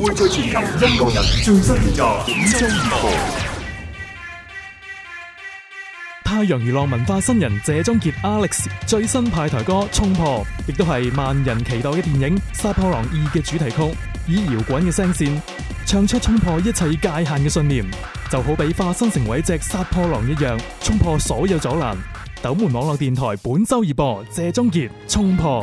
匯聚全球音樂人最新創作，本周熱播。太陽娛樂文化新人謝中杰 Alex 最新派台歌《沖破》，亦都係萬人期待嘅電影《殺破狼二》嘅主題曲，以搖滾嘅聲線唱出沖破一切界限嘅信念，就好比化身成為一隻殺破狼一樣，沖破所有阻攔。斗門網絡電台本周熱播謝中杰《沖破》。